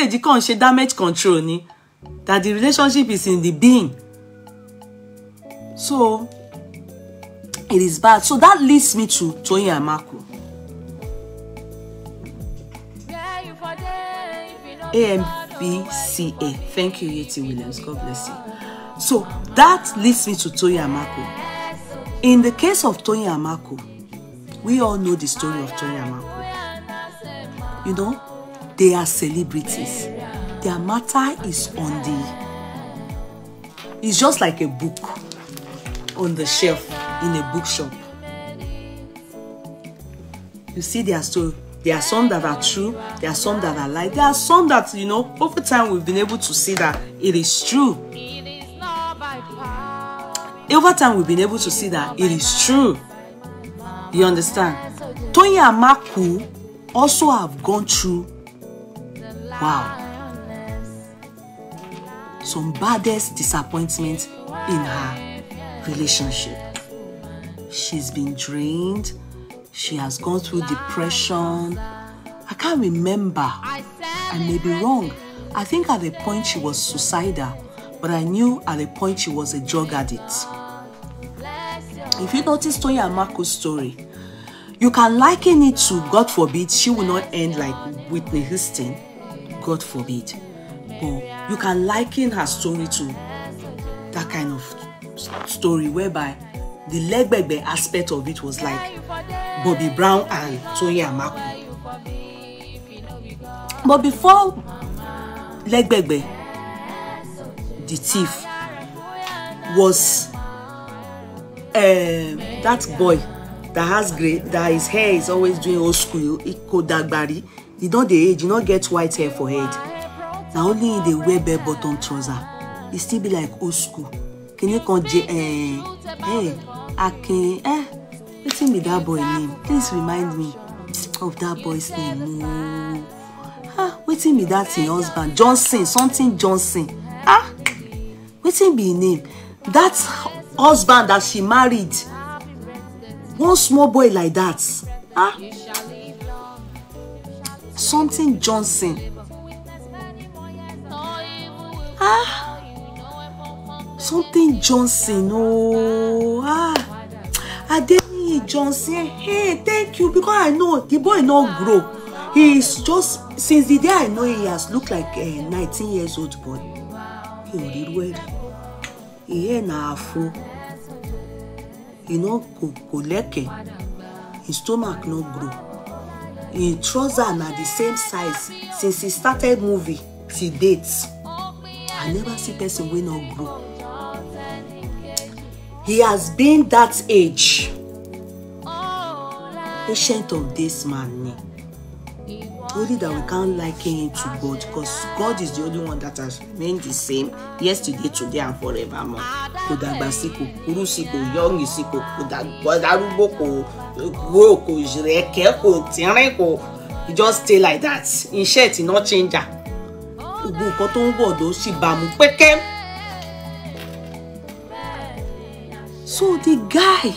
méjèèjì kàn ń damage control ni that the relationship is in the being so it is bad so that leads me to Toyin Amaku AMBCA thank you Yeti Williams God bless you so that leads me to Toyin Amaku in the case of Toyin Amaku we all know the story of Toyin Amaku you know They are celebrities. Their matter is on the. It's just like a book on the shelf in a bookshop. You see their story. There are some that are true. There are some that are lies. There are some that, you know, over time we've been able to see that it is true. Over time we've been able to see that it is true. You understand? Toyin and Maku also have gone through Wow. Some baddest disappointment in her relationship. She's been drained. She has gone through depression. I can't remember. I may be wrong. I think at the point she was suicidal, but I knew at the point she was a drug addict. If you notice Tony and Marco's story, you can liken it to God forbid she will not end like Whitney Houston God forbid. But you can liken her story to that kind of story whereby the legbegbe aspect of it was like Bobby Brown and Toyin Amaku. But before legbegbe the thief was um, that boy that has gray that his hair is always doing old school ikodagbari e don the age e no get white hair for head na only e dey wear bare bottom trouser e still be like old school kini kan je eh, eh, akin eh, wetin be that boy name please remind me of that boy's name no ah wetin me dat im husband johnson something johnson ah wetin be name That husband that she married one small boy like that. ah something Johnson ah something Johnson oh, ah I Adeniyi Johnson hey thank you because I know the boy not grow He's just since the day I know he has looked like a uh, 19 years old boy he ò well. he hair na afro he no go kò lẹ́kẹ̀ẹ́ his stomach no grow im trousers na the same size since he started movie till date i never see person wey no grow he has been that age patient of this man ni only that we can't liken him to God cause God is the only one that has remained the same yesterday, today, and forevermore. Kò dàgbà sí kuru kúrú sí kò yọ̀ǹgì sí kò kò dàgbà darúgbó go kò rẹ̀kẹ́ kò tínrín kò e just stay like that iṣẹ́ ìtì náà change à gbogbo nǹkan tó ń bọ̀ ló sì bá mú pẹ́kẹ́. so the guy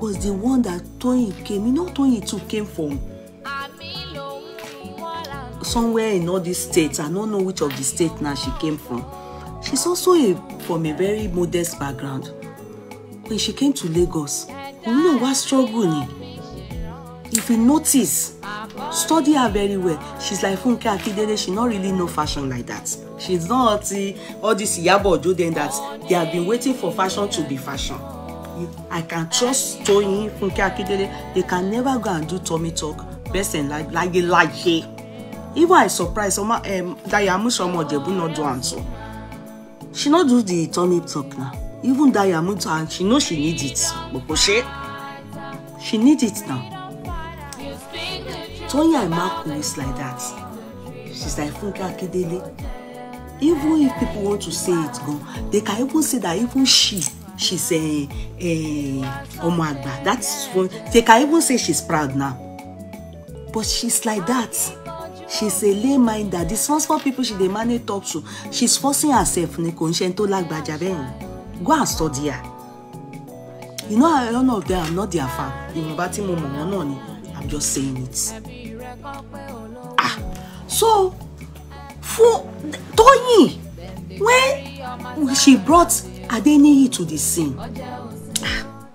was the one that Toyin came you know Toyin too came from somewhere in all these states i no know which of the states now she came from she's also a from a very modest background when she came to Lagos òun know what struggle ni if you notice study her very well she's like Funke Akindele she no really know fashion like that she's not uh, all this yabo Ojo dem that they have been waiting for fashion to be fashion I can trust Toyin Funke Akindele they can never go and do tummy talk best in life like a like láyé even I surprise ọmọ um, Dayọ̀ Amusomo Ojebu no do am she no do the tummy talk na even that Yamuto, and she knows she needs it. But she, she needs it now. Tonya Emako is like that. She's like Funke Akindele. Even if people want to say it, go, they can even say that even she, she's a, a Omagba. That's one. They can even say she's proud now. But she's like that. she's a lay mind that the responsible people she dey talk to she's forcing herself ni kò ń ṣe tó lágbájá go and study her you know a lot of them i'm not their fan yorùbá tí mo mọ̀ wọ́n náà ni i'm just saying it ah so fún Tóyìn when she brought Adeniyi to the scene ah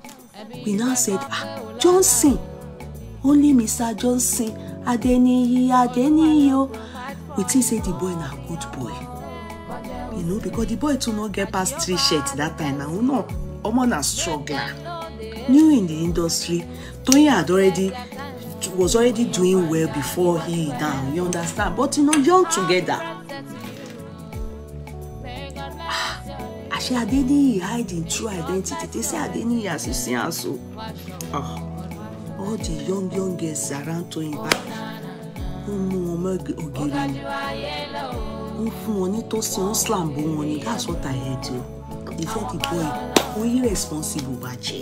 we now said ah Johnson only Mr. Johnson Adeniyi Adeniyi o we think say the boy na good boy you know because the boy too not get past three shirts that time and una omo na struggler new in the industry Toyin had already was already doing well before he down you understand but you know young together ah, àṣé Adeniyi hide im true identity they say Adeniyi as you see am so ah all the young young girls around Toyin back ó mú ọmọ wọ́n fún wọn nítòsí wọ́n slambo wọn ni that's what I heard o they said the boy o irresponsible bàjẹ́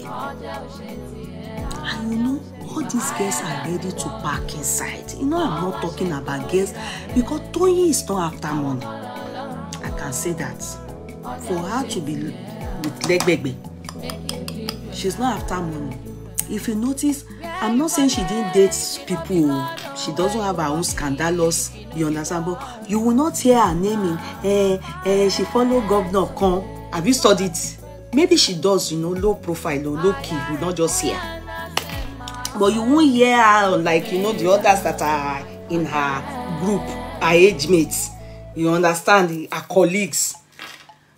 and you know all these girls are ready to park inside you know I'm not talking about girls because Toyin is not after money I can say that for her to be with Legbegbe she's not after money if you notice i'm not saying she didn't date people she doesn't have her own scandalous you understand but you will not hear her naming eh eh she follow governor Con? have you studied maybe she does you know low profile or low key you not just hear but you won't hear her like you know the others that are in her group her age mates you understand her colleagues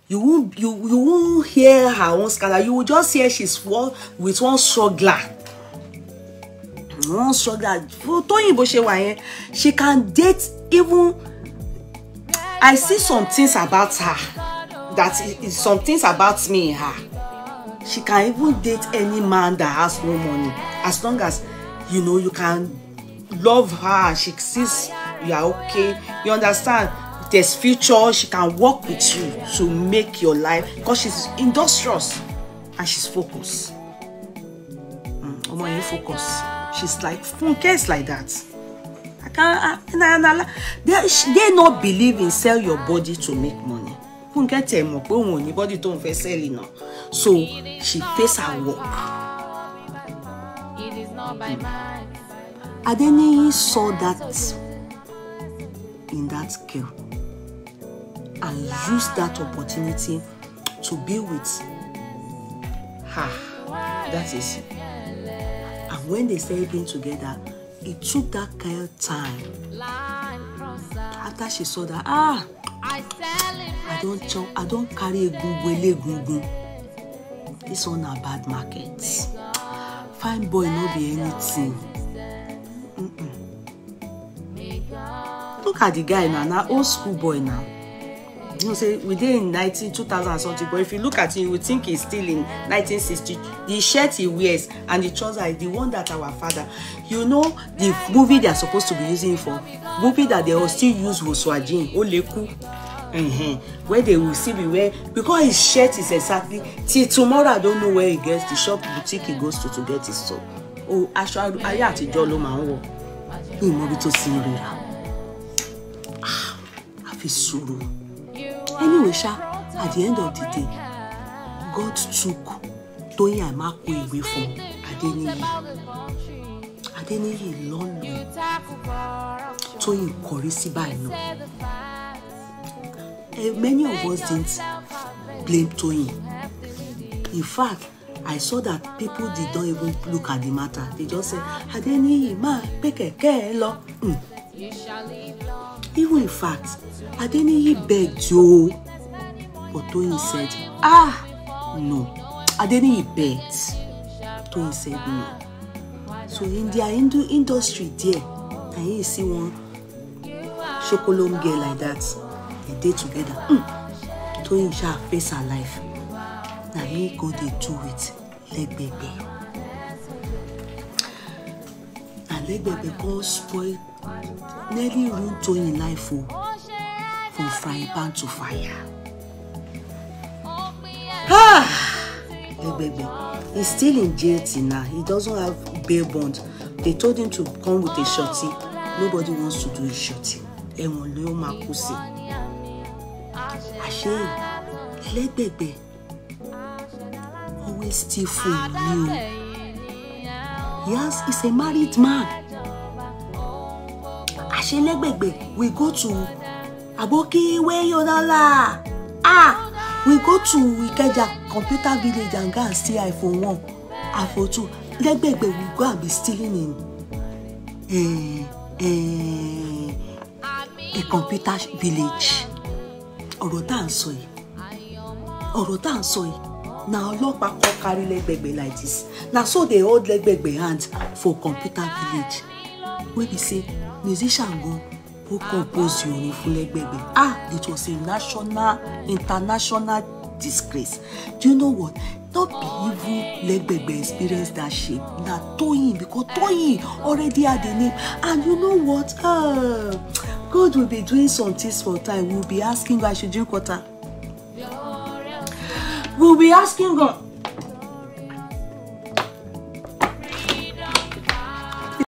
you won't you, you won't hear her own scandal you will just hear she's one with one struggler one struggler Toyin bó ṣe wà yẹn she can date even I see some things about her that is some things about me in her she can even date any man that has no money as long as you know you can love her she sees you are okay you understand there's future she can work with you to make your life because she's industrious and she's focused mm, ọmọ mm, yẹn focus she's like Funke is like that i can't. I, na na they they no believe in sell your body to make money Funke tẹ mọ̀ pé òun ò ní body tóun fẹ́ sell náà so she face her work. Hmm. Adeniyi saw that in that girl and use that opportunity to be with her. That is. And when they started being together, it took that girl time. After she saw that, ah, I don't chop, I don't carry a egungun, egungun. This one na bad market. Fine boy not be anything. Mm -mm. Look at the guy now, now old school boy now you know say we dey in 19 2000 something but if you look at him you would think he's still in 1960 the shirt he wears and the trouser is the one that our father you know the movie they are supposed to be using for movie that they will still use wosuajin oleku mm-hmm, where they will still be wear because his shirt is exactly till tomorrow i don't know where he gets the shop boutique he goes to to get his soap o oh, aṣọ ayé àtijọ́ ló máa ń wọ̀ ní ìmọ̀bí tó sí I àfi ah, sùúrù anyway Sha, at the end of the day God took Tóyìn Àmàkù ìwé fún Adéníyì Adéníyì lọ́nà Tóyìn kọrí sí báyìí náà eh, many of us didn't blame Tóyìn in fact I saw that people did not even look at the matter they just say Adéníyì máa pé kẹ̀kẹ́ ẹ lọ. Mm. Even in fact, Adeniyi begged Joe. But Toyin said, ah, no. Adeniyi begged. Toyin said no. So in their Hindu industry there, na you see one shokolom girl like that. They dey together. Mm. Toyin sha face her life. Now me go dey do it let baby, and let baby come spoil Nearly ruined Toyin life o oh. from frying pan to fire. Ah, Egbegbe baby, he's still in jail till now. He doesn't have bail bond. They told him to come with a shorty. Nobody wants to do a shorty. Ẹ̀wọ̀n ló máa kú sí. Àṣé Ẹlẹ́gbẹ̀gbẹ̀ always steal for you? Yes, he's a married man. Ashelegbegbe, we go to Aboki Weyodola. Ah, we go to Ikeja Computer Village and go and steal iPhone 1, iPhone 2. Legbegbe, we go and be stealing in a, eh, a, eh, a computer village. Ọ̀rọ̀ tá à ń sọ yìí. Ọ̀rọ̀ tá à ń sọ yìí. na ọlọ́pàá kọ́ carry lẹ́gbẹ̀gbẹ̀ like this na so they hold lẹ́gbẹ̀gbẹ̀ hand for computer village wey be say musician gan ó compose orin fún lẹ́gbẹ̀gbẹ̀ ah it was a national international disgrace do you know what no be even lẹ́gbẹ̀gbẹ̀ experience that shame na Toyin because Toyin already had a name and you know what uh, God will be doing some things for time we will be asking God I should drink water we will be asking God.